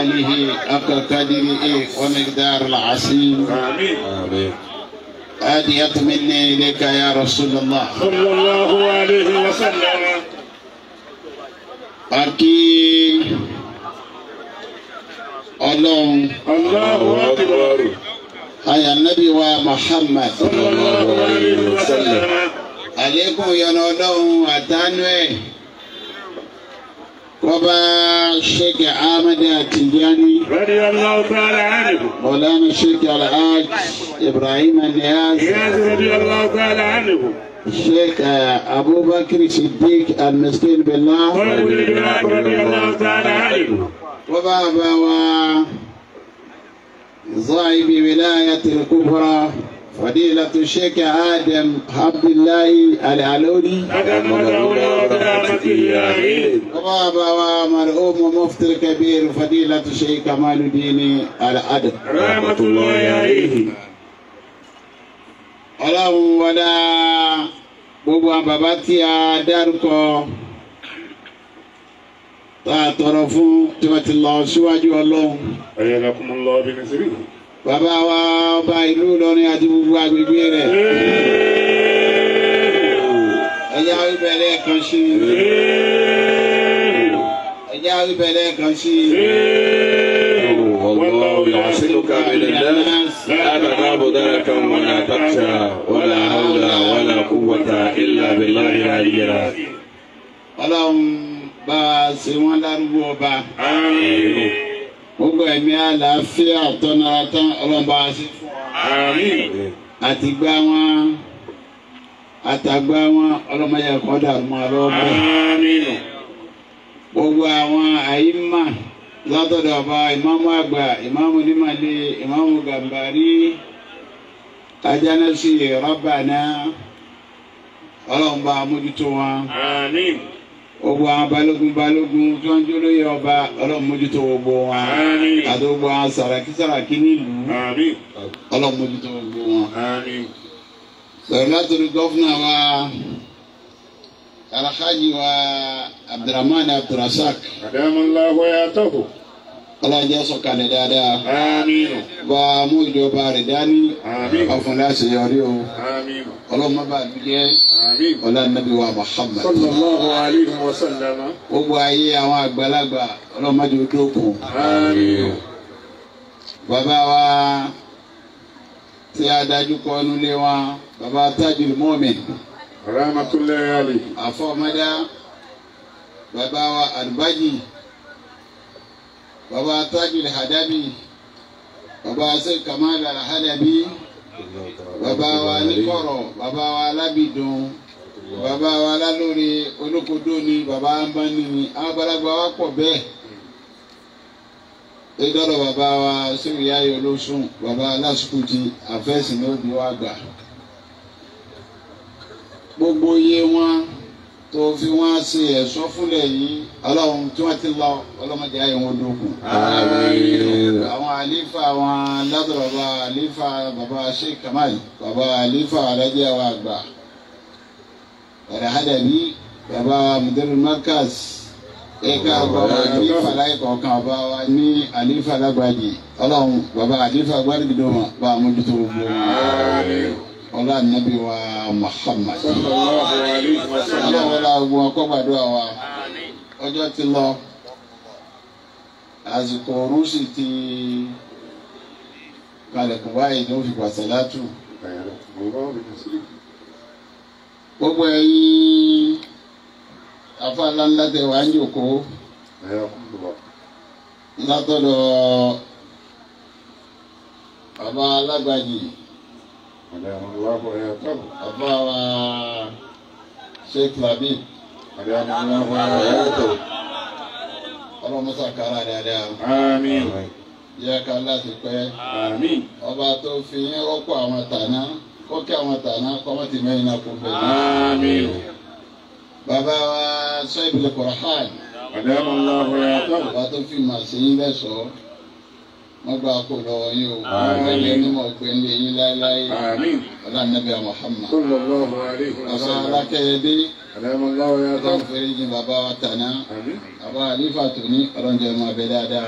آله حق قدره إيه ومقدار العسيم آمين آمين آدية مني إليك يا رسول الله صلى الله عليه وسلم أركي الله الله أكبر أي النبي ومحمد صلى الله عليه وسلم عليكم يا نولون أتانوي ربا الشيخ عامد تجاني رضي الله تعالى عنه مولانا الشيخ الحاج ابراهيم النياز رضي الله تعالى عنه الشيخ ابو بكر صديق المسكين بالله رضي الله تعالى عنه وبابا وصاحب ولايه الكبرى فضيلة الشيخ آدم عبد الله العلوني وبابا ومرؤوم مفتي الكبير فضيلة الشيخ كمال الدين العدل رحمة الله عليه ọlọ́run wọlá gbogbo àwọn bàbá tí a dárúkọ tá a tọrọ fún tí wọ́n ti lọ síwájú ọlọ́run. ẹ̀yẹ́ lakumọ́ lọ́ọ́ bí ní sírí bàbá wa ọba ìlú Ìlọrin àti gbogbo agbègbè rẹ̀ ẹjá ìbẹ̀rẹ̀ kan sí ẹjá ìbẹ̀rẹ̀ kan sí. والله يعصمك من الناس لا تنابض لك ولا تخشى ولا حول ولا قوة إلا بالله العلي العظيم. اللهم بارك ولا ربوبة. آمين gbogbo ẹ̀mí àlàáfíà tọ́nara tán ọlọ́mọba ṣe fún wa. àmín. àtìgbà wọn àtàgbà wọn ọlọ́mọdé ẹ̀kọ́ dàrú wọn lọ́wọ́. àmín. gbogbo àwọn àyímà látọ̀dọ̀ ọba ìmáàmù àgbà ìmáàmù nímàlè ìmáàmù gàmbàrí ajánásì rọ́bà náà ọlọ́mọba amójútó wọn. àmín gbogbo àwọn balógun balógun tó ń jólóye ọba ọlọ́run mójútó gbogbo wọn àti gbogbo àwọn sàràkí sàràkí nílùú ọlọ́run mójútó gbogbo wọn. sọ̀rọ̀ látòrí gọ́fúnà wa alhaji wa abdulrahman abdulrasaq. àdàmúlá wọ́yà tọ́kù alájẹ sọ̀kalẹ̀ dáadáa bá a mú ìjọba rẹ̀ dání ọfúnlá ṣèyọrí o ọlọ́mọ bá mi jẹ́ ọlá nàbí wa Muhammad. sallallahu alayhi wa sallam. gbogbo ayé àwọn àgbàlagbà ọlọ́mọdé ojókù. bàbá wa tí a dájú kọ nulẹ̀ wa bàbá Tajul Mumin. rahmatulahi alayhi. àfọ̀mọ́dá bàbá wa àdùbájì baba tajul hadabi baba sheikh kamal alhadabi baba wa nikoro baba wa alabidun baba wa alálórí olókodó ni baba ambani ni àgbàlagbà wa pọ̀ bẹ́ẹ̀ edọ́rọ̀ baba wa sóríyáyọ lọ́sùn baba alásùkùtì àfẹ́sìn wa gbà gbogbo iye wọn tó fi wọ́n ṣe ẹ̀ṣọ́ fúnlẹ̀ yìí ọlọ́run tí wọ́n ti lọ ọlọ́mọdé ayé wọn lókun. àwọn àlífà àwọn ládùbàbà àlífà bàbá Sheikh Kamal bàbá àlífà alájẹ àwọn àgbà Al-Halabi bàbá mudir markaz ẹ̀ka bàbá àlífà láyé bàbá wa ní àlífà lágbàdì ọlọ́run bàbá àlífà gbàdúgbò wọn bá gbogbo ọlá nàbí wa Muhammad ọlọ́wọ́lá ogun ọkọ́ gbàdúrà wa ọjọ́ ti lọ àsìkò rúṣì ti kalẹ̀kùn báyìí ló fi pàṣẹ látù gbogbo ẹ̀yin afáàlá ńlá tẹ wàá ń jòkó látọ̀dọ̀ bàbá alágbàjì àbáwá sheikh labib ọlọmọsà kára dáadáa. àmín. yẹ ká láti pẹ́. àmín. ọba tó fi yín rọ́pò àwọn tàná kókè àwọn tàná kọ́mọ́tì mẹ́rin náà kún bẹ́ẹ̀. àmín. bàbá wa sọ ìbílẹ̀ kọ̀ọ̀hán. àdéhùn ńlá wọlé tó fi màsí yín sọ wọ́n gba kó lọ́wọ́ yín o ẹ̀lẹ́ onímọ̀ pé ń lé yín láéláé ọlànàbíà Muhammad ọ̀sán alákẹ́yẹdé ọlọ́run fẹ́rẹ́ jìn bàbá wa tàná bàbá àlífà tóní ọlọ́njẹ́ ọmọ abẹ dáadáa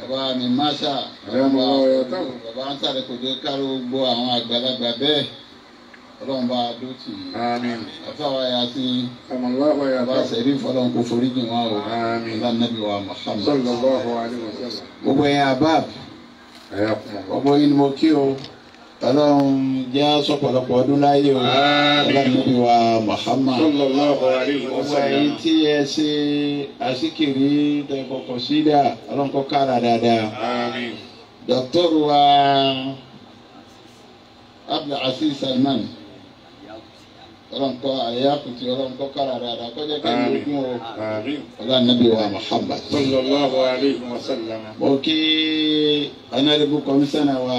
bàbá mi máṣà bàbá ń sàrẹ́kọ̀dé káró gbogbo àwọn àgbàlagbà bẹ́ẹ̀ ọlọ́run bá a dúró tì í. àmín. àtàwọn ẹ̀yà tí bá sẹ́rí fọlọ́n kò forí jìn wá o. àmín. ọlá nàbí wa Muhammad. sallallahu alaihi wasallam. gbogbo ẹ̀yà abab. ẹ̀yà kùmọ̀. gbogbo yìí ni mo kí o. ọlọ́run jẹ́ sọ̀pọ̀lọpọ̀ ọdún láyé o. àmín. wa Muhammad. sallallahu alaihi tí ẹ ṣe àṣìkiri tẹ̀kọ̀kọ̀ sídà ọlọ́run kọ́ kára dáadáa. dọ́kítọ́rù wa Abdul Aziz Salman ọlọ́nkọ́ àyà kùtì ọlọ́nkọ́ kára dada kọjá kẹ́mi ogun o ọlọ́ anabi wa Muhammad. sallallahu alayhi wa sallam. o kí anabi kọmísánná wa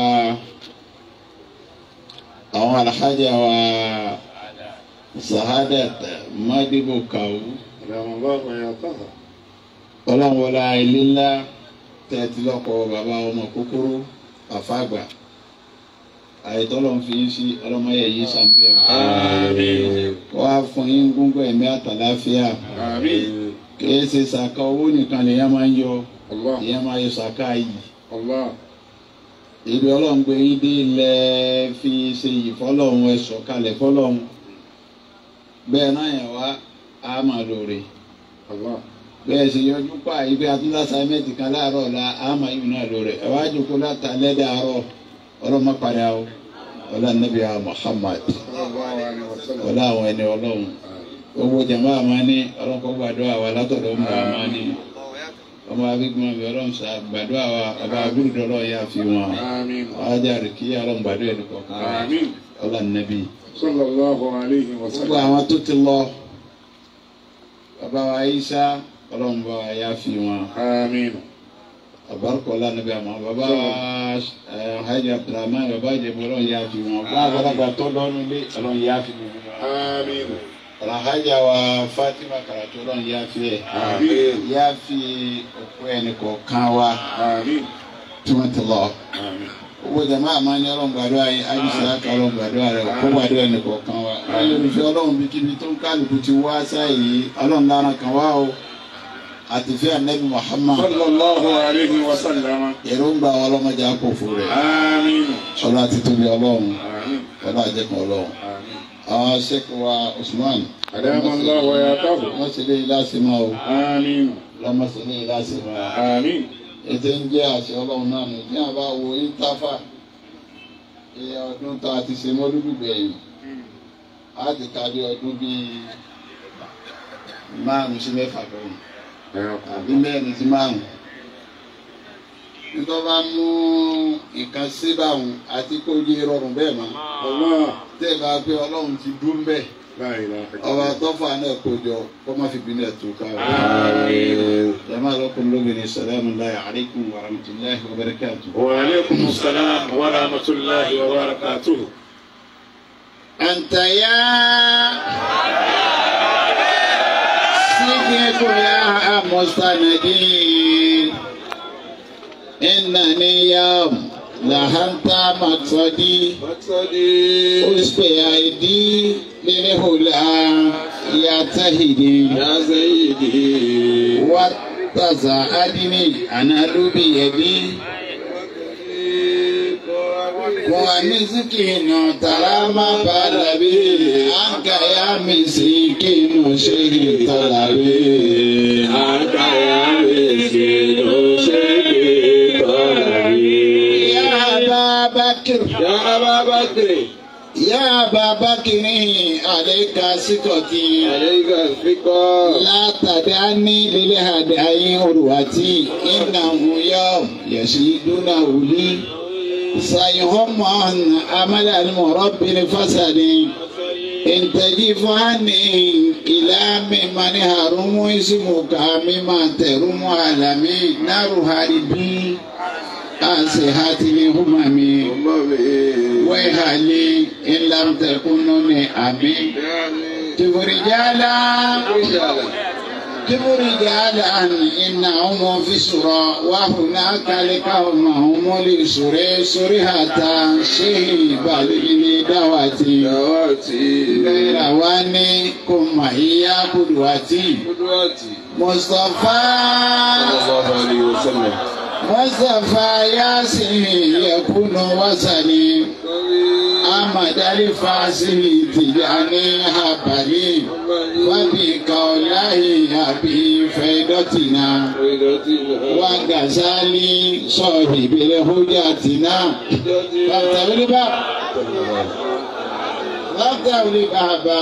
àwọn alhaja wa sahadat madibo kawu. ọlọ́nwọlá ilé ńlá tẹ̀tí lọ́kọ̀ bàbá ọmọ kúkúrú àfàgbà àìtọ́lọ́ fi yín sí ọlọ́mọye yìí sàǹbẹ̀ o. wá fún yín gúngún ẹ̀mí àtàláfíà. kìí ṣe sàkà owó nìkan lèèyàn máa ń yọ èèyàn máa yọ sàkà yìí. ibi ọlọ́run gbé yín dé ilẹ̀ fi ṣe yìí fọlọ́run ẹ sọ̀kalẹ̀ fọlọ́run bẹ́ẹ̀ náà yẹn wá a máa lòrè. bẹ́ẹ̀ ṣe yọjú pa ibi atúndásá mẹ́tì kan láàárọ̀ la á máa yìí náà lòrè ẹ̀ wá jòkó látàlẹ́ dàárọ̀ ọlọ́run má parí àwọn ọlá nàbí àwọn Muhammad ọlá àwọn ẹni ọlọ́run owó jàmbá àmání ọlọ́run kọ́ gbàdúrà wa látọ̀dọ̀ ọmọ àmání ọmọ abígbọn mi ọlọ́run sá gbàdúrà wa ọba abúlùdọ́ ọlọ́run yà fi wọn ọjà rè kí ọlọ́run gbàdúrà ẹni kọ̀ọ̀kan ọlá nàbí. gbogbo àwọn tó ti lọ bàbá wa Isa ọlọ́run bá wa yà fi wọn abarikola níbi àmọ́ baba eh, hajj abdulrahman baba jẹbi Ọlọ́run yà fi wọn bá àgbàlagbà tó lọnu lé Ọlọ́run yà fi wọn. àmín. alhaja wa fatima karatu Ọlọ́run yà fi ẹ. àmín. yà fi òkú ẹni kọ̀ọ̀kan wa. àmín. tumatulọ. àmín owó jama àmà ní ọlọ́run gbàdúrà yìí ayíṣẹ́ ká ọlọ́run gbàdúrà rẹ̀ kó gbàdúrà nìkan kan wa. ayélujára ọlọ́run bí kíbi tó ń kálukú ti wá sáyé ọlọ́run lára kan wá o àti fi anabi muhammad. sallallahu alayhi wa sallam. èròǹgbà ọlọ́mọdé àpò fún rẹ̀. àmín. ọlọ́ àti tóbi ọlọ́run. àmín. ọlọ́ àjẹkùn ọlọ́run. àmín. àwọn sẹ́kù wa usman. àdàmọ́lá wa yà káfù. wọ́n sì lé ilé àṣẹ máa o. àmín. lọ́mọ sì lé ilé àṣẹ máa. àmín. ètò ń jẹ́ àṣẹ ọlọ́run náà nù. bí wọ́n bá wo intafa ìyá ọdún tá a ti ṣe mọ́lúdùgbẹ̀yìn á ti kárí ọdún bíi márùn sí mẹ́fà lọ́rùn àbí mẹ́rin sí márùn nítorí bá mú nǹkan sí báwọn àti kó yé rọrùn bẹ́ẹ̀ mọ́ ọlọ́run tẹ́ ẹ bá pé ọlọ́run ti dún bẹ́ẹ̀ ọba tọ́fà náà kó kó má fi bínú ẹ̀ tó ká o. ẹ máa lọ́kùn lóbìnrin salamullahi alaykum wa rahmatulahi wa barakatu. wa aleykum salaam wa rahmatulahi wa barakatu. àǹtàyà. àǹtàyà. ذكرك يا مستندين إنني يوم ذهبت مقصدي أسقي أيدي للهلا يا سيدي يا سيدي وتزعدني أنا بيدي wa misikinu tarama balabi anka ya misikinu shegi talabi anka ya misikinu shegi talabi ya Ababakir ya Ababakir. يا أبا بكر عليك ثقتي عليك الثقة لا تدعني للهدايا عروتي إنه يوم يشهدونه لي صيهم عن عملا مرب فسد إن تجف عني إلى ممن هرم اسمك مما ترم عالمي نار هاربي أسهات لهممي ويهالي إن لم تكنني أمين تفرجالا كبر على إنهم في سرى وهناك لقومهم لسرى سرهة شهيب لدواتي غير وانكم هي قدوتي مصطفى صلى الله عليه وسلم wasafa yasiri yakunu wasani amadali fasiri tijani habali wabi kaolahi abi faidotina wagasali sọhibele hujatina fatabiriba látàrí àbá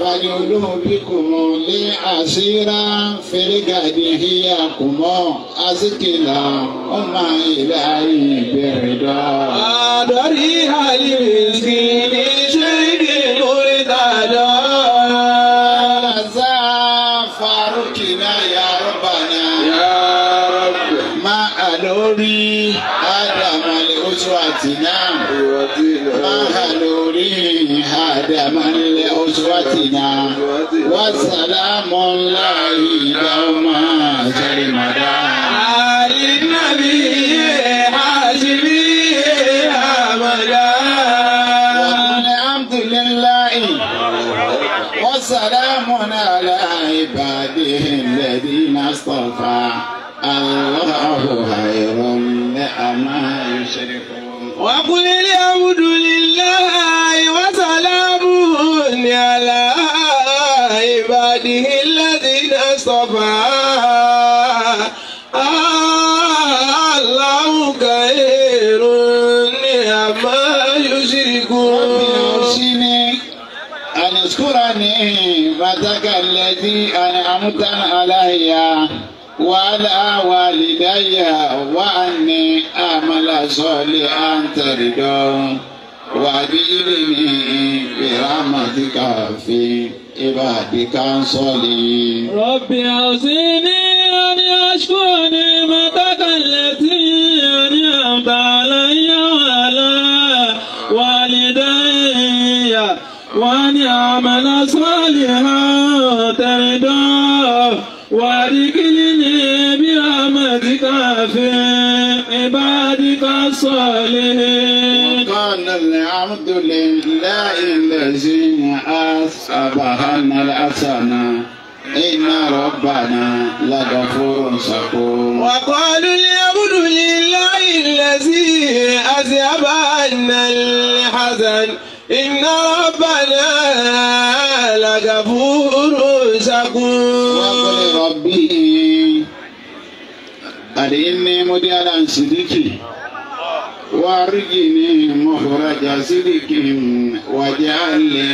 balẹ̀ olóòbí kò mọ̀ lé àṣírá fẹ́rẹ́gàdì híyà kò mọ̀ azikila ọmọ ilé ayé ìbẹ̀rẹ̀ dọ́. àdọ́rí àlè rẹ̀ sí ní ṣẹ́yìn. lórí. Ádámálẹ̀ oṣù àti náà. Máa lórí Ádámálẹ̀ oṣù àti náà. Wàsálàmù ńlá ìdáwọ́ máa jẹ́rìí màdá. أنعمت علي وعلى والدي وأني أعمل صالحا ترضى وأدخلني برحمتك في عبادك صالحين. ربي أوزعني أن أشكر نعمتك التي أنعمت علي وعلى والدي وأن أعمل صالحا ترضاه وأدخلني برحمتك في عبادك الصالحين وقال العبد لله الذي أصابنا الحسنة إن ربنا لغفور شكور وقالوا الحمد لله الذي أذهب عنا الحزن iná bàlá làgàfúrú ṣakún. wọ́n gbọ́dọ̀ rọ̀bì àdéhìnní mọ́dé aláǹsìdìkì wàrúgìní mọ̀fọ́rajà sídìkì wàjà lè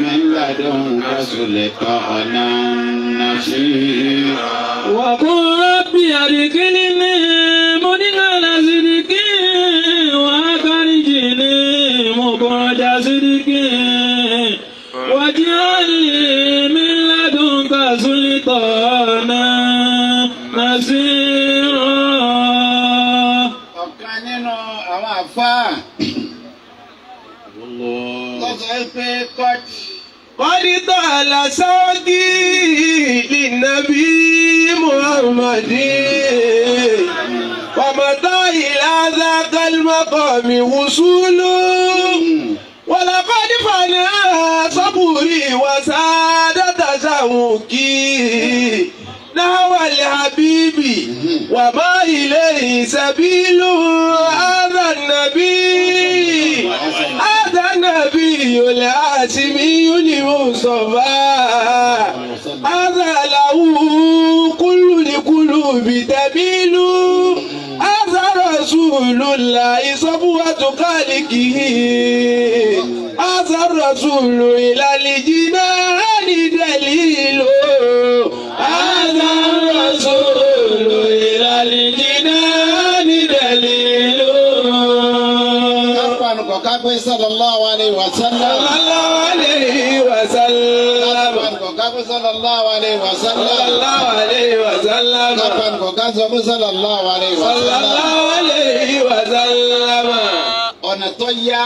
mẹ́ládọ́n kásùlẹ̀ tọ́ọ̀nà nàṣírà. wàkúrọ́bì àdìkìní ní. سلطانا نصيرا. ọ̀kan nínú àwọn àfáà lọ sọ pé kọ́ọ̀tì. kọ́ọ̀tì tó àlàsáàgì lè nàbí muhammadin. ومتى إلى ذاك المقام وصول ولقد فنى صبري وسار مكيه نحو الحبيب وما إليه سبيل هذا النبي هذا النبي الهاشمي المصطفى هذا له كل القلوب تميل هذا رسول الله صفوة خالقه هذا الرسول إلى الجنان pé sallallahu ọ̀nà tó yá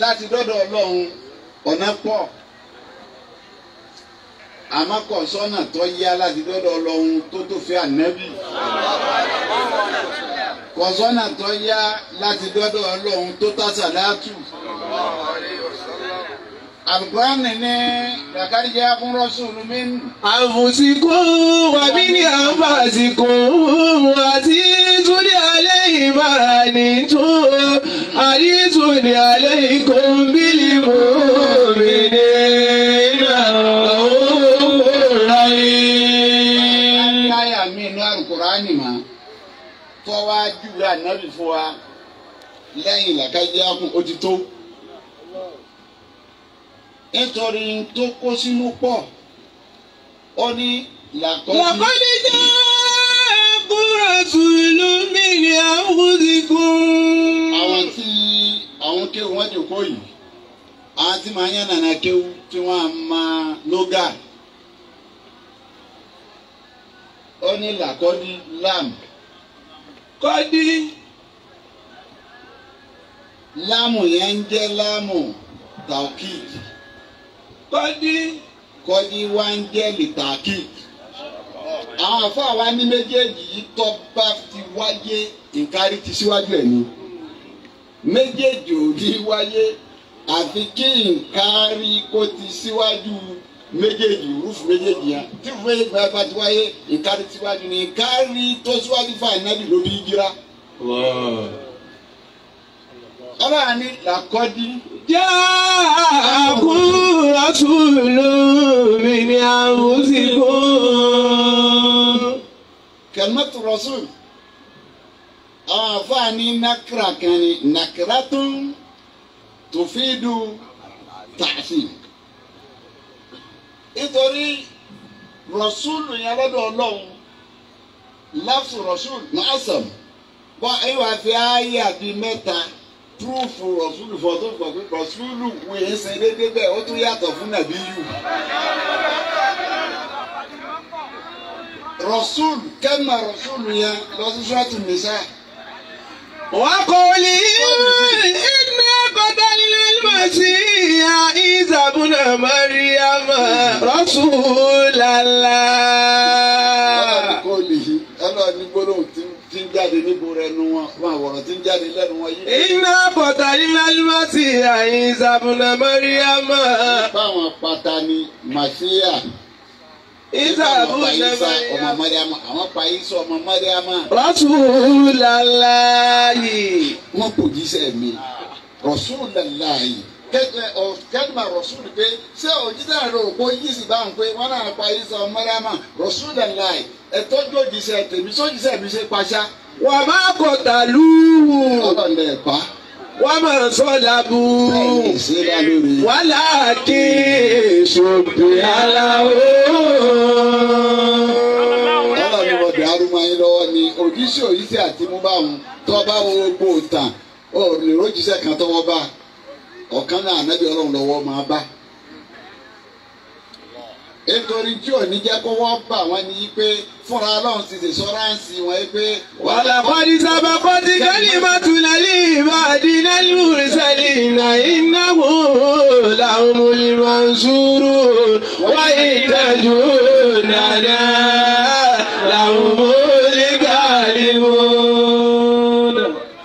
láti dọ́dọ̀ ọlọ́run ọ̀nà pọ̀ àmọ́ kò sọ́nà tó yá láti dọ́dọ̀ ọlọ́run tó tó fẹ́ ànábì kò sọ́nà tó yá láti dọ́dọ̀ ọlọ́run tó tàṣà látù. Àlùkùránì ní Làkàdíjà fún Rọ́sùlù mi. Àfùsìkò wà mí ní àfàsìkò àti túndé alẹ́ ìbáraẹni tó àti túndé alẹ́ ìkọ̀ǹbílì mọ́ mi ní ìlà òwúrọ̀ yìí. Láyà mi inú Àlùkùránì mọ́ tọ́wájú rẹ̀ ànábì fún wa lẹ́yìn Làkàdíjà fún òtítọ́. nítorí tó kó sínú pọ̀ ó ní làkọ́jú. làkọ́jú jẹ́ kúrò sùlù mi àwọn tí àwọn kéwù wọn jòkó yìí àwọn tí màá yàn nànà kéwù tí wọn á máa lóga. ó ní làkọ́jú lam. lámù yẹn ń jẹ́ lámù taokid. kọ́dí kọ́dí wá ń jẹ́ lìtàkì àwọn àfa wa ní méjèèjì yìí tó bá ti wáyé ìkárí ti síwájú ẹ̀ ni méjèèjì ò ní wáyé àfi kí ìkárí kó ti síwájú méjèèjì rúfù méjèèjì yẹn tí rúfù méjèèjì bá bá ti wáyé ìkárí ti wájú ni ìkárí tó síwájú fún ànábì ló bí jíra. ọlọ́run ni làkọ́dí جاءكم Rasul من أنفسكم كلمة الرسول àwọn àfààní nakra kan ni nakra tún tòfídù tààfì nítorí rọ̀ṣúlù yẹn lọ́dọ̀ ọlọ́run láfù rọ̀ṣúlù náà sọ̀rọ̀ bọ́ ẹ wàá fi ayé àbí mẹ́ta túrúfù rọ̀súlù fún ọdún kan pé rọ̀súlù wò é ṣe déédéé bẹ́ẹ̀ ó tún yàtọ̀ fún nàbíyù. rọ̀súlù kẹ́mà rọ̀súlù yẹn lọ sí mi nìṣá. wọ́n kò lè iná bàtà nílẹ̀ lùmọ̀sí ìyá ìzàbùnà mọ́ríyàmọ́ rọ̀súlù lálá. jáde níbo rẹ nu wọn fún àwòrán tí ń jáde lẹ́nu wọn yìí. iná bọ̀dà iná lùmọ́tì àyìn ìsàbùnà mọ́ríyámà. báwọn pata ni màṣíyà. ìsàbùnà ọmọ mọ́ríyámà àwọn pa ìsọ ọmọ mọ́ríyámà. rọ́ṣùlàláyì. wọ́n kò jíṣẹ́ mi rọ́ṣùlàláyì kẹ́tùmá rọ̀ṣúlù pé ṣé òjijì àrò òpó yìí sì bá ń pé wọ́n náà pa ìsọ mọ́ríyámà rọ́ṣùlàláyì ẹ tọ́jú òjíṣẹ́ tèmi sójíṣẹ́ mi ṣe paṣá. wà á máa kọ tàlú. ọlọ́dẹ ẹ̀pá. wà á máa sọ làbù. wà á láàkì ṣòbí aláwọ̀. ọlọ́dẹ ọ̀dẹ arúgbó ayé lọ́wọ́ ni òjíṣẹ́ òjíṣẹ́ àti mú bá wọn tó bá lè rójíṣẹ́ kan tọ́wọ́ bá ọ̀kan náà ànábì ọlọ́run lọ́wọ́ máa bá nítorí tí ò ní jẹ́ kó wọ́n bà wọ́n ní pé fúnra ọlọ́run ti ṣèṣọ́ránsì wọn pé. wàlà kọ́ni sábà kọ́ni kẹ́lí máa tún lálẹ́ ìbàdí nálù rẹ̀sẹ̀lì iná iná wò láwọn olùrọ̀ ń sùúrù wáyé ìdájọ́ nàdá làwọn olùgbàlè wò.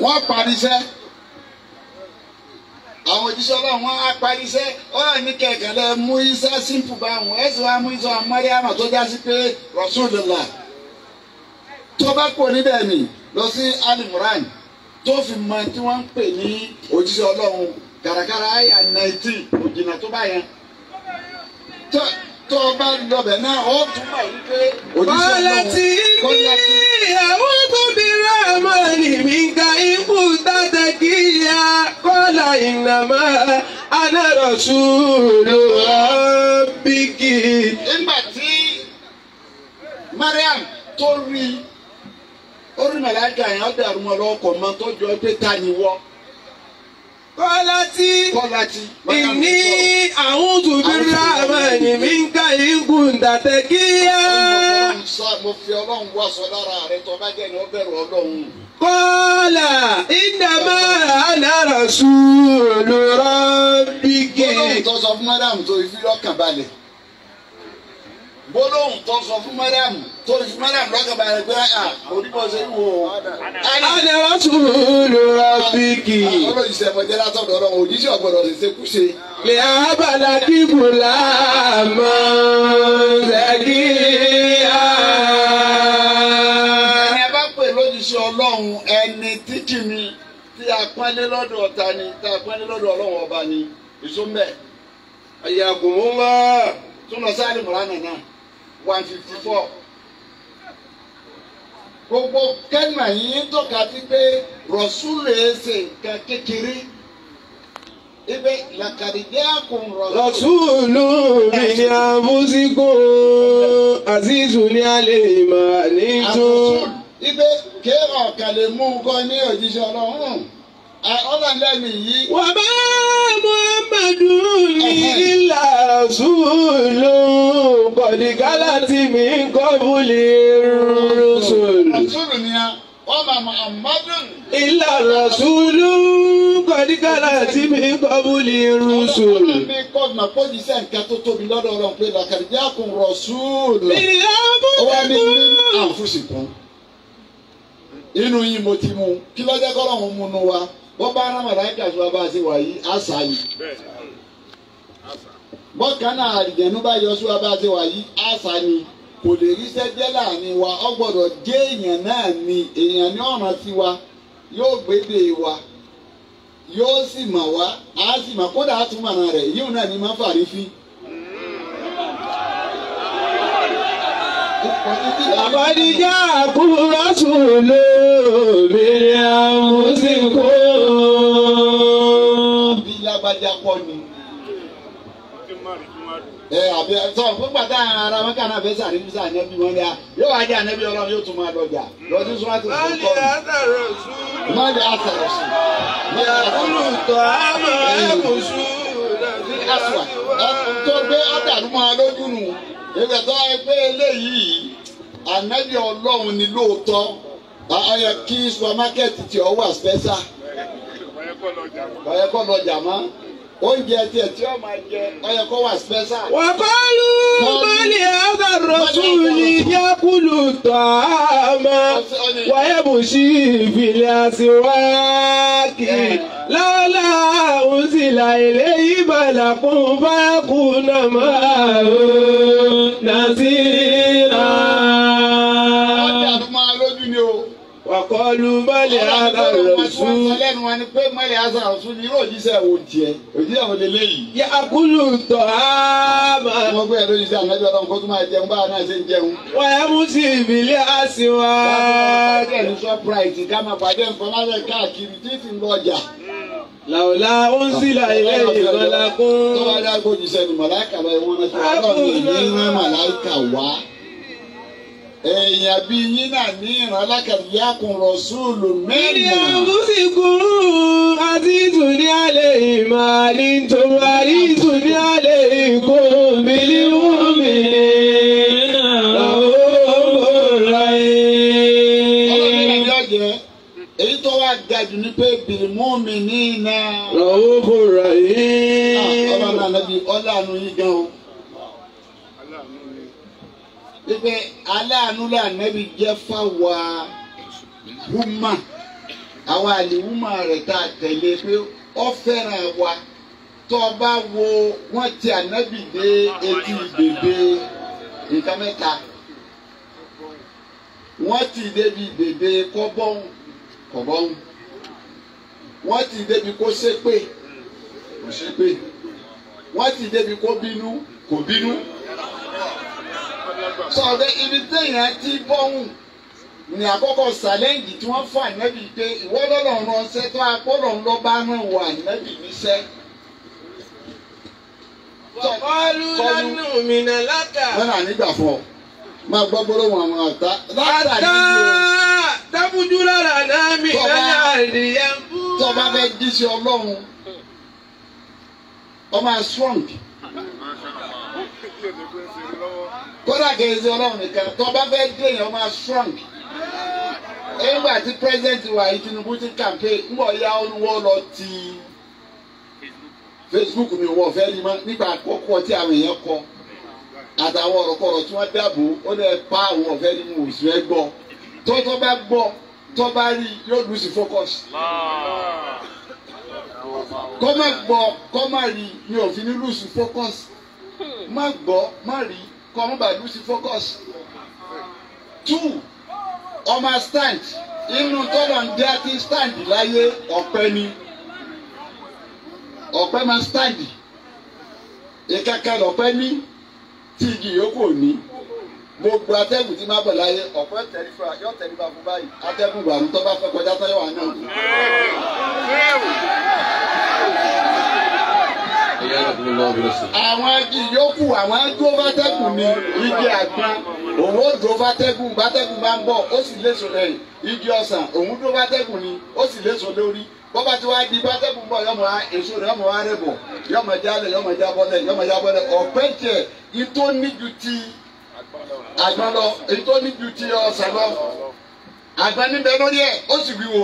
wọ́n parí iṣẹ́ òjíṣẹ́ ọlọ́run wọn á parí iṣẹ́ ọ̀rọ̀ ní kẹ̀kẹ́ lẹ mú iṣẹ́ simple bá wọn ẹ̀sìn wa mú iṣẹ́ Màríàmà tó já pé Rasulullah tó bá kò níbẹ̀ nì lọ sí alimuran tó fi mọ tí wọ́n ń pè ní òjíṣẹ́ ọlọ́run kàràkàrà àyà nineteen òjìnà tó bá yẹn tó bá náà ó tún bá yí òjíṣẹ́ ọlọ́run kọ́ńtà tí. الرحمن منك إن كنت تقيا قال إنما أنا رسول nígbà tí Mariam tó rí orí màláìka yẹn ọ̀dà àrùmọ̀ lọ́kọ̀ mọ́ tó jọ pé ta ni wọ́ kọ́lájí ìní àwọn tòbírí àmà ìnìmí ń ká ìgùn dàtẹ́ kíyà. mo fi ọlọ́run wá sọ lára rẹ tó bá jẹ́ ni ó bẹ̀rù ọlọ́run. Kọ́lá ìdàmà ànàrà sùúrù lọ́rọ́ bíkì. Olóòótọ́ sọ fún mádàmù tó ìfilọ́kànbalẹ̀ gbólóhùn tó sọ fún mariam tó ní fún mariam lọ́kàn balẹ̀ pé à ah, oníbọ̀sẹ̀ wò ó. ana rasulu rabbiki. ọlọ́ ìṣẹ̀ mọ̀jẹ́ látọ̀dọ̀ ọ̀rọ̀ òjíṣẹ́ ọ̀gbọ̀dọ̀ lè ṣe kúṣe. lè abala dìbò láàmọ́ ṣẹ́gi yá. ẹni bá pè lójúṣe ọlọ́run ẹni títì mi tí a pẹ́lẹ́ lọ́dọ̀ ọ̀tá ni tí a pẹ́lẹ́ lọ́dọ̀ ọlọ́run ọba ni ìsúnbẹ̀. ẹ̀yà kò ń wá tún náà one fifty four gbogbo kẹ́nà yìí ń tọ́ka sí pé rọ̀ṣúlù èsè nǹkan kékeré ibẹ̀ làkàdìjẹ́ àkùn rọ̀ṣúlù. rọ̀ṣúlù mi ni a mú sí kó azizu ni a lè mà ní tó. ibẹ̀ kéèrà ọ̀kàlẹ̀ mú un kọ́ ní òjíṣẹ́ ọlọ́run ọlọ́ọ̀lẹ́mi yìí. wà á bá muhammadu illa rasulu kọ̀dígálà tí mi ń kọ́ bùlì rúṣùl. rasulu ni a wọ́n máa rasulu kọ̀dígálà tí mi ń kọ́ bùlì rúṣùl. ọlọ́run mi inú yín mo ti mú kí lọ́jọ́ kọ́ lọ́hún mú nu wa. wọ́n bá rán màláìka sí wa bá a ṣe wà yìí á sá yìí bọ́kànnà bá yọ sí wa bá a ṣe wà yìí á sá ni kò lè ríṣẹ́ jẹ́ láàrin wa ọ gbọ́dọ̀ jẹ́ èèyàn náà ni èèyàn ní ọ̀ràn sí wa yóò gbédè wa yóò sì mà wá á sì mà kódà á tún mọ̀ràn rẹ̀ yíyún náà ni má fàrí fi. àbájáde kúrò rásùn lóore. lágbájá kọ́ ni. ẹ àbí sọ fúnpa tá ara wọn kàn fẹ́ sàrí fún sàrí ẹbí wọn dá yóò wá dé ànábì yóò tún máa lọ́jà lọ́dún sún láti sùn kọ́ mi. má lè àtàrà sùn. yàtúrù tó a máa kò sùn. tó gbé àdàlú máa lójú nù ìgbà tó a gbé eléyìí ànábì ọlọ́run ni lóòótọ́ ayọ kí supermarket tí ọ wà special. Bọ̀yẹ̀ lọ jà mọ́ oúnjẹ tiẹ̀ tí ó máa jẹ ọyẹ kó wà special. wàkọ́lù mọ́lì ọ̀gá rọ̀sùlì yẹ́kùlù tààmà wàyẹ̀bùsì ìfìlẹ̀ àṣìwáàkì lọ́la òsìlà ilé ìbàlà kún bá kùnà máa ń nàṣìlá kọlu mọ́lẹ̀ àzà rọ̀sù. ọlẹ́nu wa ni pé mọ́lẹ̀ àzà rọ̀sù ni irú òjíṣẹ́ wo tiẹ̀ òjíṣẹ́ wo lè léyìí. yà á kúlù tọ̀ á mà. wọ́n gbé ẹ̀rọ òjíṣẹ́ àwọn ẹgbẹ́ ọlọ́run kó tún máa jẹun báwa náà ṣe ń jẹun. wọ́n yẹ mú sí ìbílẹ̀ àṣìwá. Làwùlá ó ń sílà ilé ìgbọ́lá kún. Tọ́wádá gbòjì sẹ́nu màláìkà báyìí wọ́n rántí. Ọlọ́run ní rán màláìkà wá èèyàn bíi yín náà ní ìrànlọ́kẹ̀lẹ́ yàkùn rọ̀ṣúùlù mẹ́rin. ìdí àmúsìkún àti ìtùní àlẹ́ ìmọ̀ ní tòun àti ìtùní àlẹ́ ìkó bílí wúmi. èyí tó wá ga jù ní pé bìrìmù mi ní iná. ọ̀hún kò rà yín. ọlọ́run ànábì ọlọ́run yìí gan o wípé aláàánú lànàbí jẹ́ fáwa wúmà àwa àlìwúmà rẹ̀ tá a tẹ̀lé pé ó fẹ́ràn wa tó o bá wo wọ́n ti ànábì dé etí dèdè nǹkan mẹ́ta wọ́n ti débi dèdè kọ́bọ́n kọ́bọ́n wọ́n ti débi kó ṣépè kó ṣépè wọ́n ti débi kó bínú kò bínú sọ̀rọ̀ ibi téèyàn ti bọ́hùn ní àkọ́kọ́ sàlẹ́ǹdì tí wọ́n fún ànábì pé ìwọ lọ́lọ́ ránṣẹ́ tó apọ́lọ̀ ń bá rán wọ ànábì níṣẹ́. kọlu lánà òmìnira lága. wọn à nígbà fún ọ máa gbọ́ gbọ́dọ̀ wọn àwọn àtá. àtá dábùjú lára náà mi lẹ́yìn àríyá. tọ́ba fẹ́ jí ọlọ́run ọmọ strong kódà kèrèsì ọlọ́run nìkan tó bá fẹ́ dé èèyàn máa strong nígbà tí president wa yìí Tinubu ti campaign ń bọ̀ ya olúwo lọ ti Facebook mi wọ̀ fẹ́ ni nígbà àkọ́kọ́ tí àwọn èèyàn kọ àtàwọn ọ̀rọ̀kọ̀rọ̀ tí wọ́n dáàbò ó lè pa àwọn ọ̀fẹ́ nínú òsì ẹ gbọ́ tó bá gbọ́ tó bá rí yóò lose focus kọ́ má gbọ́ kọ́ má rí ni òfin ní lose focus má gbọ́ má rí come by lose focus. two ọmọ stand inú tọ́lọ̀ ń dé àti stand láyé ọ̀pẹ ni ọ̀pẹ máa stand ìkẹkẹ lọ̀pẹ ní tí igi yòókù ní gbogbo atẹ́gùn tí máa bọ̀ láyé ọ̀pẹ tẹ̀lifà yọ tẹ̀lifà fún báyìí atẹ́gùn wà ní tọ́ bá fẹ́ kọjá sáyọ̀ wà náà àwọn igi yòókù àwọn dúró fátẹ́gùn ni igi àgbọn òun ó dúró fátẹ́gùn bátẹ́gùn bá ń bọ̀ ó sì léso lẹ́yìn igi ọsàn òun dúró fátẹ́gùn ni ó sì léso lórí bọ́ba tí wàá di bátẹ́gùn bọ̀ yọmọ èso rẹ̀ yọmọ wá rẹ̀ bọ̀ yọmọ jálẹ̀ yọmọ jábọ́lẹ̀ yọmọ jábọ́lẹ̀ ọ̀pẹ́ tiẹ̀ itó níjú ti àgbọn lọ itó níjú ti ọsàn lọ àgbọn níbẹ̀ lórí ẹ̀ ó sì wíwo.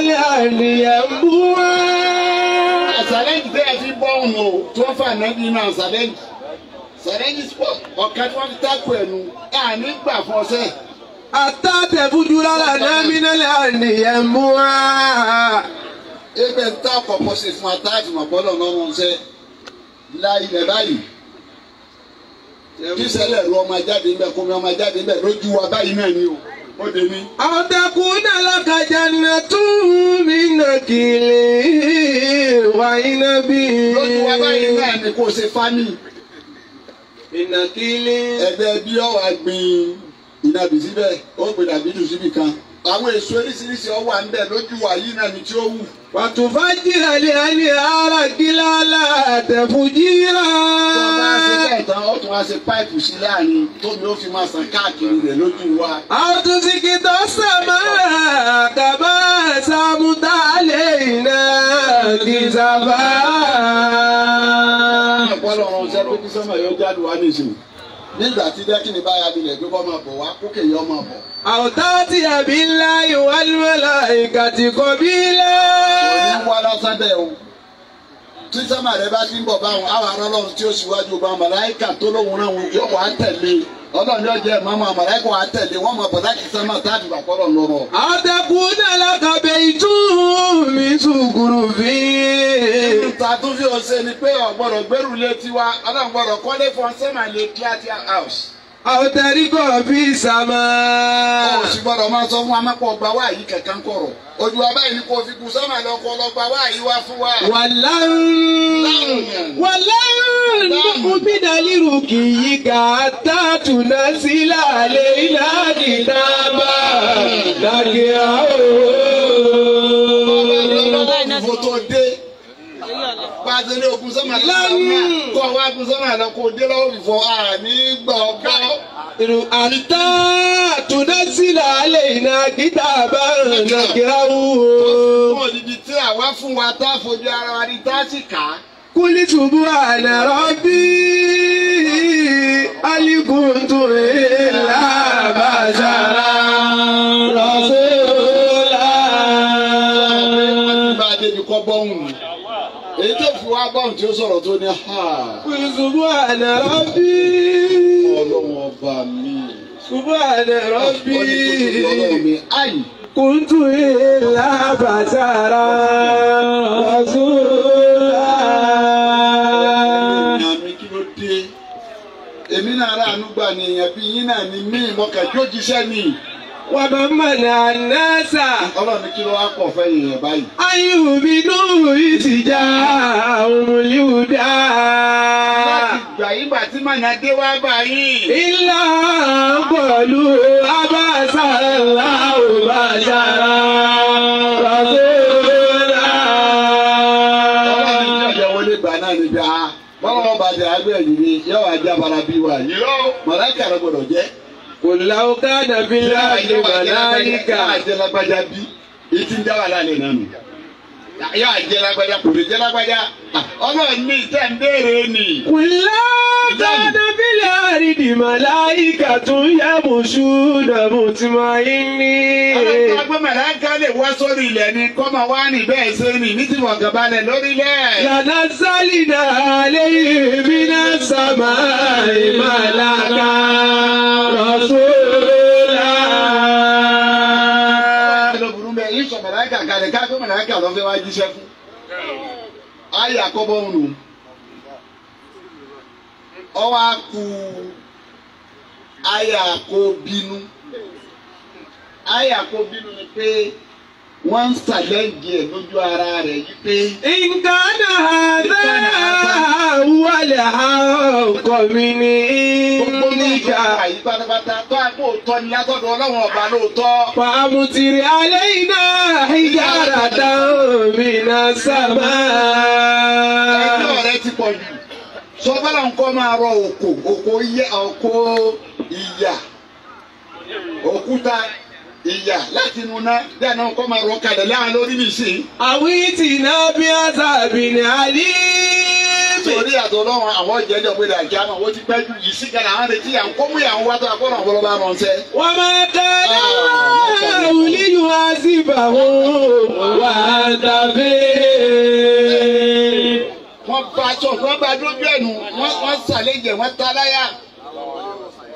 alẹ́ àlìyẹ bú wá. sàlẹ́ǹtì tẹ́ ẹ ti bọ́ ọ̀nà o tí wọ́n fà nẹ́bí náà sàlẹ́ǹtì sàlẹ́ǹtì spọ̀ ọ̀kan tí wọ́n fi tákù ẹ̀nu ẹ̀ àní gbà fún ọ̀sẹ̀. àtàtẹ̀ fújú rárá nẹ́bí nílẹ̀ àlìyẹ bú wá. ebe ń tá ọ̀pọ̀ sí fún àtàtì mọ̀gbọ́dọ̀ lọ́rùn ọ̀sẹ̀ láyé rẹ̀ báyìí kí sẹ́lẹ̀ ru ọmọ ajáde ń bẹ̀ kó mi ọmọ ajáde ń bẹ̀ lójú wa báyìí náà ni o ó dé mi. ọ̀dàkùn náà lọ́kàjà nà tún mí nà kìlì wà iná bí. lójú wa báyìí náà ni kò ṣe fani. ìnàkìlì. ẹgbẹ́ bí ọ̀wà gbin ìnàbì síbẹ̀ ó gbin dàbí jù síbì kan àwọn èso oríṣiríṣi ọwọ́ à ń bẹ̀ lójú wa yìí náà ni tí ó wù. wàtúfà jìnnà lè ní ara gíláàlà àtẹ̀fùjìrà. tó bá ṣe bẹ́ẹ̀ tán ó tún wá ṣe páìpù sí láàrin tómi ó fi máa sàn káàkiri rẹ̀ lójú wa. àtúntìkì tó sàmà kàbá sàmúta lè nà kì í sábà. ọ̀pọ̀lọpọ̀ ọ̀rọ̀ ṣẹ́kù kí sọ́mọ̀ yóò jáde wá nísìnyí nígbà tí dẹ́kìnì bá yabilẹ̀ gbé kọ́ máa bọ̀ wá kókè yọ máa bọ̀. àwòtá ti àbí ńlá ìwádìí mọ́lá ìkàtìkọ́ bí ńlá. òní wá lásán bẹ́ẹ̀ o tí sábà rẹ bá ti ń bọ̀ báwọn àwọn ará ọlọ́run tí ó síwájú bá màláìkà tó lóhun náà wọn yóò wá tẹ̀lé ọlọ́run yóò jẹ́ màmá màláìkà wá tẹ̀lé wọ́n mọ̀ pàtàkì sábà táàbì wà pọ́lọ̀ lọ́rọ̀. àdàkù nílẹ̀ kàbẹ̀ ìtú mi sùkúrù fi. ta tún fi ọ̀sẹ̀ ni pé ọ̀gbọ́dọ̀ gbẹ́rù létí wa ọlọ́run gbọ́dọ̀ kọ́lé fún ọ àwòtẹ́ríkọ̀ fi sàmà. Owo sì gbọdọ, máa sọ fún amápọ̀ ọgbà wá yìí kankan kọ̀rọ̀ ojú abáyé ni kò fi lọ kọ lọ́gbà yìí wá fún wa. wàláhùn wàláhùn òbí dalilu kì í ga tààtù náà sílẹ̀ àlẹ́ iná a ti ní kó wá kú sọ́nà lọ kó dé lọ́wọ́ fífọ́ àní gbọ̀ngbọ́. Ìrù àǹtá tùdásílà alẹ́ iná kíta bá rìnà kíráwó. Mo dìdí tí àwa fún wa tá fojú ara wa ní tásìkà. Kúlí tùbú àná rọ́bí alikun tó rẹ̀ lábàjára rọ́ṣẹ́ òòlà. Bá a débi kọ́ bọ́hùn èyí tó fi wá báwọn tí ó sọ̀rọ̀ tó ní ha. Subhana Rabbi. ọlọ́wọ́n ọba mi. Subhana Rabbi. ọlọ́wọ́n mi ayi. Kuntu illa basara rasula. èmi náà rà ànúgbà nìyẹn bí yín náà ni mí mọ̀kàjójísẹ́ nìyí wà bá mọ̀nà ànásà. ọlọ́run kí ló wá pọ̀ fẹ́yìn yẹn báyìí. ayùn mi lóhùn yìí ti já òmùlíwù dá. láti gbà yígbà tí mọ̀nà dé wá báyìí. ilá pọ̀lú abáṣà ńlá ò bá ṣara. Bọ́lá wọn bàjẹ́ àgbẹ̀ yìí ni yóò wá bí wa yìí. Mọ̀lá kàrọ̀ gbọ́dọ̀ jẹ́ kò láwọ ká nàbí láàyè màláyíkà. ìdílé àti ẹlẹgbàjá bí ìdí ń láàyè náà nù yóò àjẹlágbájá kò lè jẹlágbájá ah, ọlọ́run ní ìtẹ́ ń béèrè ni. kùlá tọ́dún bílẹ̀ àrídì màláìkà tún yẹ mọ̀ṣú dàbò tí màá yín ní. ọlọ́run tó gbé lè wá sórí ilẹ̀ ni kọ́ máa wá ní bẹ́ẹ̀ ṣe ni ní tìwọ̀n gàbalẹ̀ lórílẹ̀. yàrá sálìdà alẹ́ yìí bí náà sàmà ìmàlàkà rọ̀ṣọ́. màláìkà ló fẹ́ wá jíṣẹ́ fún ayé àkọ́bọ̀ ń lò ọwọ́ akú ayé àkọ́bínú ayé àkọ́bínú ni pé wọ́n ń ṣàlẹ́ǹgì ẹ̀ lójú ara rẹ̀ yí pé. nǹkan náà wà lẹ́ ni mi ní ìjà. pátápátá tó àgbò tọ́ ni látọ̀dọ̀ ọlọ́run ọba lóòótọ́. fàmùtìrì alẹ́ iná ìyára dáhùn mi náà sábà. ẹgbẹ́ ọ̀rẹ́ ti pọ̀ jù sọ́gbàlà ńkọ́ máa rọ òkò òkò ìyà òkúta ìyà láti inú ná bí àná kọ́ máa rọ kalẹ̀ láàrin lórí mi sí. àwí tì náà bí a tàbí ní àlí. sórí àtọ̀lọ́wọ́n àwọn jẹjọ pé dàjẹ́ àmọ́ wọ́n ti gbẹ́jú yìí sí kan àwọn retí à ń kó mú yà wá tó àkọ́nà ọ̀pọ̀lọpọ̀ àmọ́ ṣẹ́. wọ́n máa dáná àwùlíyù wá sí ìbàwọ́ wà á dàbí. wọ́n bá aṣọ wọ́n bá dójú ẹ̀nu wọ́n sàlẹ̀ jẹ̀ wọ́n ta láyà.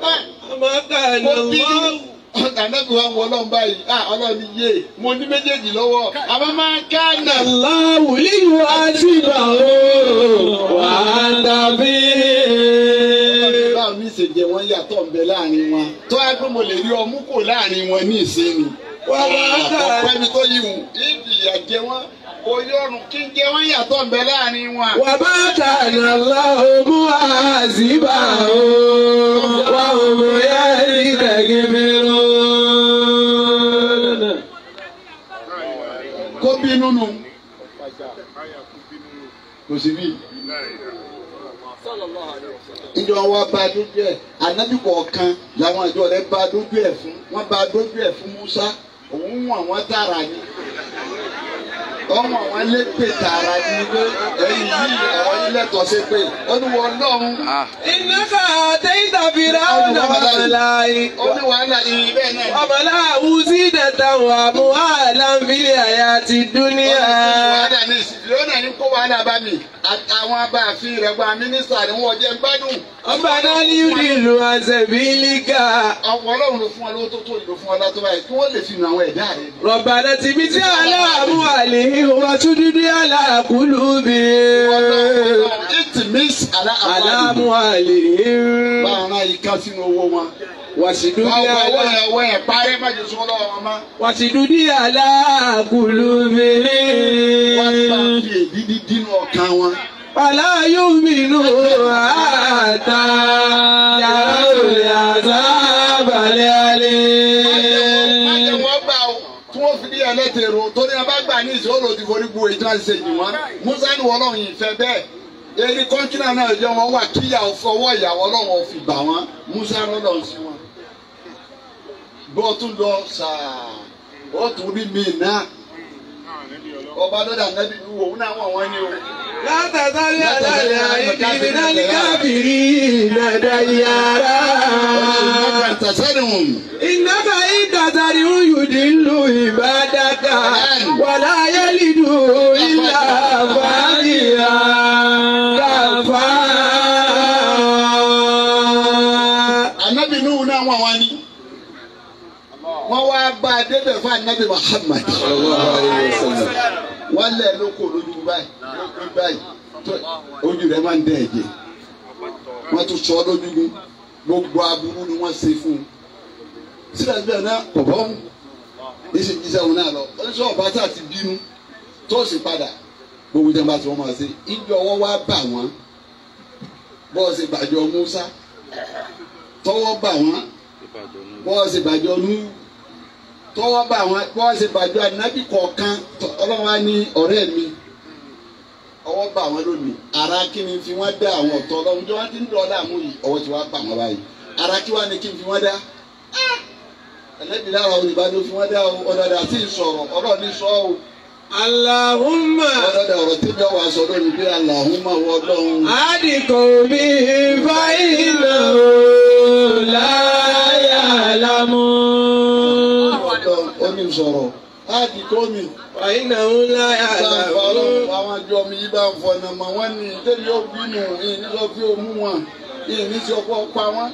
wọ́n máa dáná wọ́n. ànábì wa ń wọ ọlọ́run báyìí à ah, ọlọ́run ni yé mo ní méjèèjì lọ́wọ́ àmọ́ máa ká nà. láwùlí yóò á sì ó wà á dàbí. báwo ni ìṣèjẹ wọn yàtọ̀ ń bẹ láàrin wọn tó a pé mo lè rí ọmú kò láàrin wọn ní ìsinmi. wọ́n bá ẹni tó yìí wù ibi ìyà jẹ wọn oyórun kí n jẹ wọn yàtọ̀ ń láàrin wọn. wà bá ta ìrànlá omu àzìbà o wà òmùyá ìdàgẹ́mẹ́rún. bínú nù kò sí bí. ìjọ wa bá dójú ẹ ànábì kọ̀ọ̀kan làwọn àjọ rẹ̀ bá dójú ẹ fún wọn bá dójú ẹ fún Musa òun wọn wọn tààrà yẹn ọmọ àwọn elépè tààrà ni pé ẹ̀yìn yìí àwọn ilẹ̀tọ̀ ṣe pé ó ní wọn lọ́hùn. ìnáka àtẹ́yìntà fìlà ọ̀nà bàbàlá yìí. ó ní wàhálà yìí bẹ́ẹ̀ náà. bàbàlá àwùjọ ìdẹ̀ta wà mú àlàǹfìlì àyà ti dúníà. ó ní wàhálà ní ìsìn lónà ní kó wàhálà bá mi àwọn abáàfin rẹ̀ gba mínísítà ni wọ́n jẹ́ gbádùn. ọba dání ní ìlú azẹ̀bílíkà. ọ̀pọ̀ ọlọ́run ló fún ọ lówó tó tó ìlú fún ọ látọ́ báyìí kí wọ́n lè fi nà àwọn ẹ̀dá rẹ̀. rọ̀bà náà ti bí tí aláàmú àlè ìwà tún dídí aláàkúlù bí. it means aláàmú àlè. báwọn ará yìí ká sínú owó wọn wàṣídúdíà lá. ọwọ́ ẹ̀ parí má jẹ sún lọ́wọ́ wọn má. wàṣídúdíà lá kùlù mèrè. wọ́n àtà balẹ̀ alẹ́. Májẹ̀ tó ní abágbà ní ìṣòro ti forí bu èyí tí wọ́n ṣe yìí wọ́n. Musa ni wọ́n lọ́hùn ìfẹ́ bẹ́ẹ̀ eré náà jẹ́ wọn wà kíyà ọwọ́ ìyàwó ọlọ́wọ́ fi gbà wọ́n Musa lọ́dọ̀ sí wọn bó tún lọ sàá ó tún rí mi náà ọba dọ́dà nẹ́bí wò ó náà wọ̀ wọ́n ni o. látàtàlí àlàyé àìkìrì náà ní kábìrì nàdà yàrá. ìnáfà ìdàtàrí ń yùdí ń lu ìbádàkà wàlá yẹ́lì dùn ó yẹ. bẹ̀ fún anabi Muhammad wọ́n lẹ̀ ló kó lójú báyìí lójú rẹ̀ máa ń dẹ̀ ẹ̀jẹ̀ wọ́n tún sọ lójúgun gbogbo aburú ni wọ́n ṣe fún un síbẹ̀síbẹ̀ náà kọ̀bọ́ ń èsì jíṣẹ́ òun náà lọ oníṣẹ́ ọ̀bá tá àti bínú tó sì padà gbogbo jàmbá tí wọ́n máa ṣe ìjọ wọn wá bà wọ́n bọ́ọ̀sì bàjọ́ Musa tọwọ́ bà wọ́n bọ́ọ̀sì bàjọ́ Nuhu. T'ọwọ́ bá àwọn bí wọ́n ṣe bàjọ́ ànábì ní ọ̀rẹ́ mi ọwọ́ bá àwọn lónìí ara kí ni fi wọ́n dá àwọn ọ̀tọ̀ ọlọ́run tí wọ́n ti ń láàmú yìí ọwọ́ ti wá bà ara kí wọ́n ní kí fi wọ́n dá ah! ànábì lára fi wọ́n dá o ọ̀dọ̀dà ọ̀rọ̀ tí mi sọ̀rọ̀ láti kó mi. àyínà ń lá yàrá òun. àwọn àjọ mi yìí bá ń fọnà mọ wọn ni tẹ́lẹ̀ yóò bínú ìní sọ pé ó mú wọn ìní sọ pé pa wọn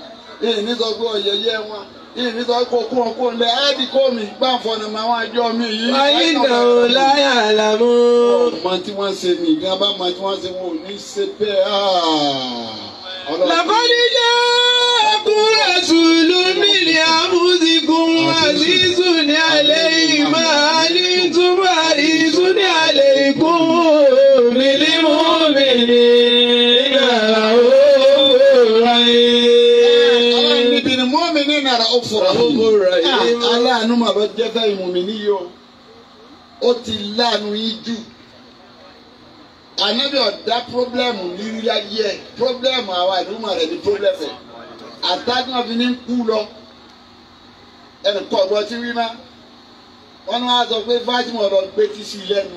ìní sọ pé ó yẹyẹ wọn ìní sọ pé ó kún ọkọ lẹ láti kó mi bá ń fọnà mọ àwọn àjọ mi yìí. àyínà ń lá yàrá òun. ọmọ tí wọ́n ṣe nìkan bá mọ tí wọ́n ṣe wọn ò ní ṣe bẹ́ẹ̀. Ah làkọ́ni ah, jẹ́ kúrẹ́ sùlù mí ní àmúzikùn àzízù ní alẹ́ ìmọ̀ àlítúmọ̀ àrísù ní alẹ́ ìkún mílímù mílí. Aláàánú màbá jẹ́ ká ìmùmí níyọ̀, ó ti láàánú yín jù anabi ọ̀dá pọ́blẹ́mù níríra yẹ pọ́blẹ́mù àwa ìdúmọ̀ rẹ̀ ní pọ́blẹ́mù àtàkùn ọ̀fìn ní kú lọ ẹnì kọ́ ọ̀gbọ́n ti rí má wọ́n wá sọ pé fájìmọ̀ lọ gbé tí sí lẹ́nu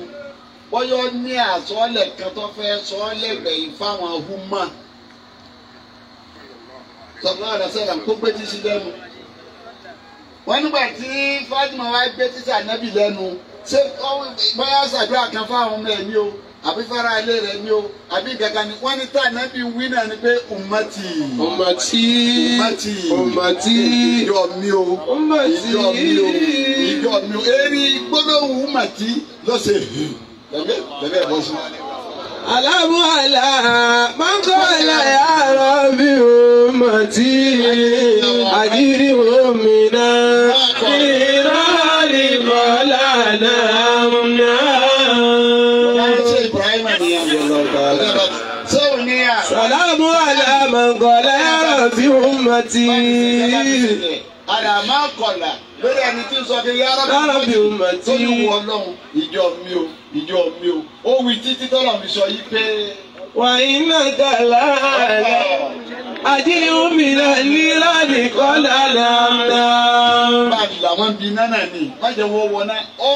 bọ́yọ́ ní àsọ́ọ̀lẹ̀ kan tó fẹ́ sọ́ọ̀lẹ̀ gbẹ̀yìn fáwọn ahúmà sọ̀rọ̀ àdàsẹ́là kó gbé tí sí lẹ́nu wọ́n nígbà tí fájìmọ̀ wá gbé tí sí ànábì lẹ́nu ṣé báyà ṣàdúrà kan fáwọn ọmọ ẹ̀mí o àbí fara ilé rẹ ni o àbí gàgà ni wọn ní tá ànábì wí náà ni pé ummati. ummati ummati ummati ìjọ mi o ummati ìjọ mi o ìjọ mi o eri gbólóhùn ummati lọ́sẹ̀ tẹ̀lé tẹ̀lé bọ́ sí. aláàmú ala, máa ń kọ́ ẹ̀la yàrá bí ummati àdírí omi náà ìrọ̀lì mọ́lá náà. kọ̀lá bí ummati. àdàmà kọ̀lá lórí ẹni tí ń sọ pé yàrá bí ummati. tó ní wọ lọ́hùn ìjọ mi o ìjọ mi o ó wí títí tọ́lọ̀ mi sọ yí pé. wà iná kàlá àlẹ́ àdínní omi náà nílá nìkan dáadáa. báyìí làwọn bíi nánà ni wọ́n jẹ́ wọ́wọ́ náà ó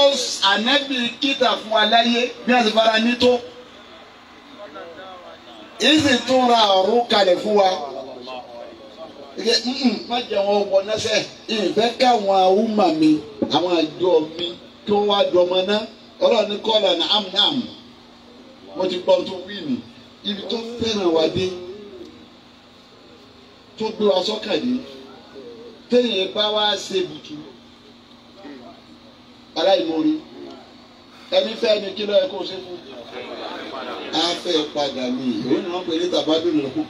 ànábì kíta fún aláyé bí wọ́n fara ní tó. ìsì tún ra ọ̀run kalẹ̀ nke wa ìgbẹ́ wọ mi mi to wa wá dọmọ náà ọlọ́ọ̀ni kọ́là ní amnam mo ti gbọ́ nì ibi to fẹ́ràn tó gbé wa sọ́kàdé téèyàn wá ẹni fẹ́ ni kí ló yẹ kó ṣe fún. a fẹ́ padà mi òun ni wọ́n pè ní tàbádùn lọ́kùn.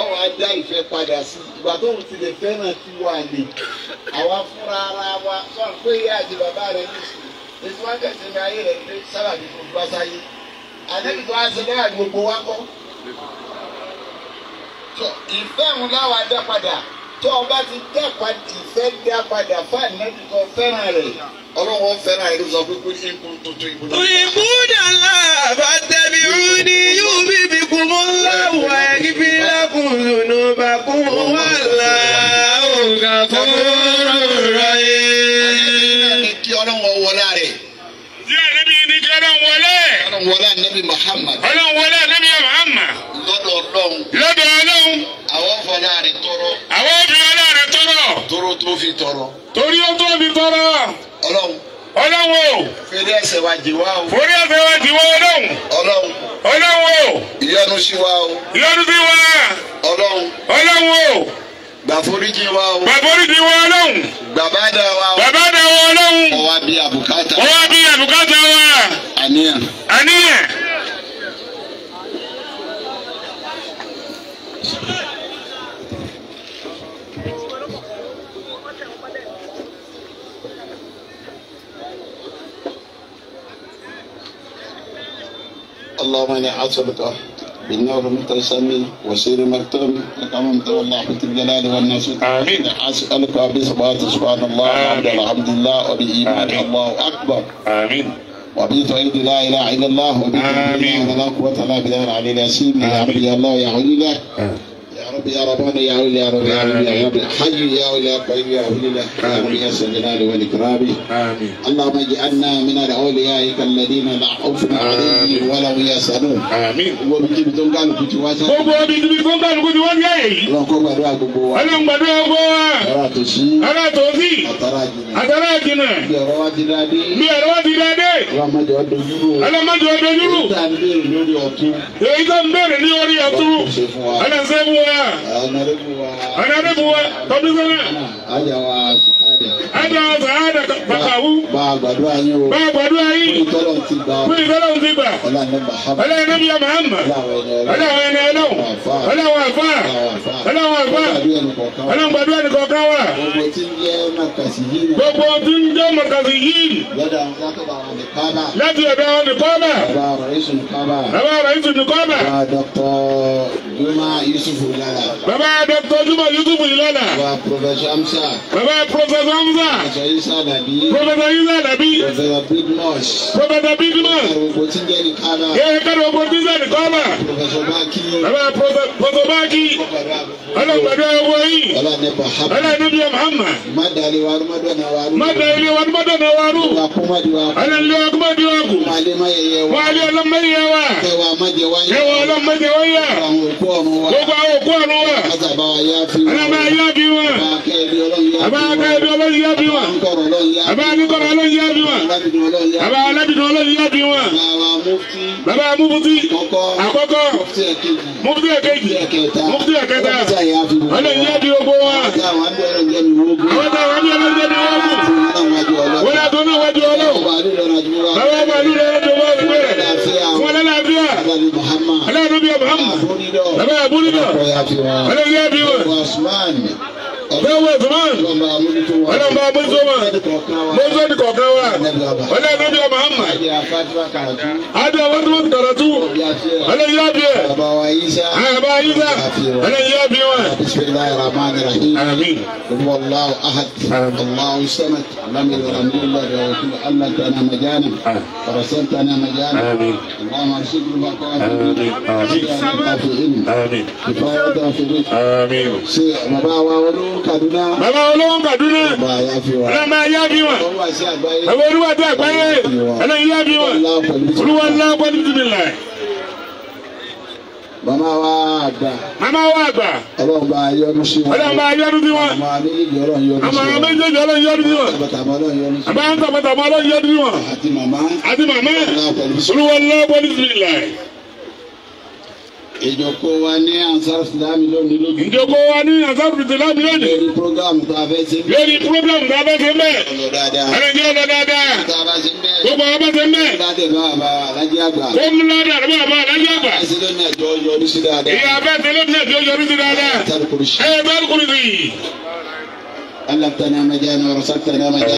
ọwọ́ á dá ìfẹ́ padà sí ìgbà tó ń tilẹ̀ fẹ́ràn tí wà ní. àwa fúnra ara wa sọ pé ìyá àti bàbá rẹ ní sùn èsì wá kẹsì ní ayé rẹ ní sábàbí fún gbásáyé. àdébí tó wá sí náà gbogbo wa kọ́. ìfẹ́ òun láwa dá padà tó o bá ti dá padà ìfẹ́ dá padà fún àdínẹ́bí tó fẹ́ràn rẹ̀ ọlọ́run wọn fẹ́ràn àyè ló sọ pé kó ní kún tuntun ìbúdà. ìbúdà ńlá àbátẹ́bí rú ni yóò bí bí kún mọ́ láwọ̀ ẹ̀rí bí lákùn lónà bá kún wà lá òǹkà fún rọ̀rọ̀ yẹn. àyè kí ọlọ́run wọlé rẹ̀ ní ànábì ní kí ọlọ́run wọlé. ọlọ́run wọlé ànábì Muhammad. ọlọ́run wọlé ànábì Muhammad. lọ́dọ̀ ọlọ́run. lọ́dọ̀ ọlọ́run. àwọn fọlá rẹ̀ tọrọ. àwọn fọlá rẹ̀ tọrọ. toro tó fi tọrọ. torí ó tó fi tọrọ. ọlọ́run. ọlọ́run o. fèrè ẹsẹ̀ wa jì wá o. fèrè ẹsẹ̀ wa jì wá ọlọ́run. ọlọ́run. ọlọ́run o. ìyọ́nú sí wa o. ìyọ́nú ọwọ́ bí أنية أنية اللهم إني أسألك بالنور المتسم وسير المكتوم كما متولى حفظ الجلال والناس امين اسالك بصفات سبحان الله الحمد لله وبايمان الله اكبر امين وبه توحيد لا اله الا الله وبه لا قوه الا بالله العلي العظيم يا الله يا علي رب يا ربان يا ولي يا رب يا رب يا رب حي يا ولي يا قيوم يا ولي يا يا الجلال والإكرام آمين اللهم اجعلنا من أوليائك الذين لا خوف عليهم ولا هم يحزنون آمين وبجيب تونغان كوتيواسا gbogbo omi níbi fún kálukú ni wọ́n yá yìí. ọlọ́run gbàdúrà gbogbo wa. ọlọ́run gbàdúrà gbogbo wa. ara tó sí. ara tó sí. àtàrà jìnnà. àtàrà jìnnà. bí ọ̀rọ̀ wa ti dáadé. bí ọ̀rọ̀ wa ti dáadé. ọlọ́mọdé ọdún yúrò. ọlọ́mọdé ọdún yúrò. èyí tó ń béèrè lórí ọ̀tún. èyí tó ń béèrè lórí ọ̀tún. ọlọ́run ṣe fún wa honorable wa honorable wa public wa. ajawa. Ẹja ọgbà àdà bàkàwú. Bá a gbàdúrà yín o. Bá a gbàdúrà yín. Kúrì tọ́lọ̀ ti gbà. Kúrì tọ́lọ̀ ti gbà. Ọlá ní Mahama. Ọlá ní Mahama. Ọlá àwọn ẹni ọlọ́run. Ọlá àwọn àfa. Ọlá àwọn àfa. Ọlá ń gbàdúrà ní kọ̀ọ̀kan wa. Gbogbo tí ń jẹ́ Màkàsí yìí. Gbogbo tí ń jẹ́ Màkàsí yìí. Lọ́dọ̀ àwọn Nìkọ́bà. Láti ọ̀dọ̀ àwọn Nìkọ́bà. Bàbá Ràìsù Nìkọ́bà. Bàbá Ràìsù Nìkọ́bà. Bàbá Dr. Juma Yusuf Ilala. Bàbá Dr. Juma Yusuf Ilala. Bàbá Prof. Hamza. Bàbá Prof. Banza. Professor Isa Alabi. Professor Isa Alabi. Professor Big Mosh. Professor Big Mosh. Èrògbò tí ń jẹ́ ní Kánà. Èrògbò tí ń jẹ́ ní Kánà. Professor Baki. Bàbá Professor Baki. Ọlọ́gbàdo ẹwọ yìí. Ọlọ́ni Muhammad. Ọlọ́ni Muhammad. Má dalè waru má dọ̀nà waru. Má dalè waru má dọ̀nà waru. Ọlọ́ni Akumadi waku. Ọlọ́ni Akumadi waku. Wàlẹ́ má ọlọ́run yá bí wọn. bàbá anukọ̀rọ̀ ọlọ́run yá bí wọn. bàbá aládìdún ọlọ́run yá bí wọn. bàbá mufuti àkọ́kọ́ mufuti èkejì mufuti ẹ̀kẹta ọlọ́run yá bí ogbó wọn. wọ́n tẹ àwọn bí ọlọ́run yá bí wọn kù. wọ́n yà tó náà wájú ọlọ́run. bàbá ọba àlùdó ọlọ́run wọ́n ti bẹ̀rẹ̀ fún ọlọ́lábíà ọlọ́run bí ọba hàn bàbá àbúrò náà ọlọ́run yá bí wọn. bẹ́ẹ̀ Usman ọlọ́run bá bójú ma bójú ti kọ̀ọ̀kan wa ọlọ́run níbi ọmọ àmà adé wọn tó kàrà tú ọlọ́run yá bí ẹ àyàbá yíṣà ọlọ́run yá bí wọn. bisimilayi rahman rahim amin wallahu ahad allahu samad lam yalam yulad wa lam yakul allah tana majana wa rasul tana majana allahumma arshidna wa qawwina amin amin amin amin amin amin amin amin amin olóhùn Kaduna. bàbá olóhùn Kaduna. ọlọ́mọ ayá bí wọn. bàbá olúwa tó àgbáyé. ọlọ́mọ ayá bí wọn. olúwa ńlá pẹ̀lú bísímìlà. Màmá wa àgbà. Màmá wa àgbà. Ọlọ́run bá yọ́nú sí wọn. Ọlọ́run bá yọ́nú sí wọn. Àmọ́ méjèèjì Ọlọ́run yọ́nú sí wọn. Àmọ́ méjèèjì Ọlọ́run yọ́nú sí wọn. Àbátàmọ́ Ọlọ́run yọ́nú sí wọn. Àbátàmọ́ Ọlọ́run yọ́nú sí wọn. Àti màmá. Àti màmá. Olúwa ńlá pẹ̀lú bísímìlà ìjókòó wa ní ansar islam lónìí lónìí. ìjókòó wa ní ansar islam lónìí. lórí programu tó a fẹ́ ṣe. lórí programu tó a fẹ́ ṣe dada. ẹnìjẹ́ ọ̀dọ̀ dáadáa. gbogbo àwọn bá ṣe mẹ́. Dada bá a bá alájí àgbà. ó mú ládàá àti bá a bá alájí àgbà. àti lónìí àjọ yọrí sí dáadáa. ìyá bá ti lónìí àjọ yọrí sí dáadáa. ẹ bá kúrò sí. Allah tana majana wa rasul tana majana.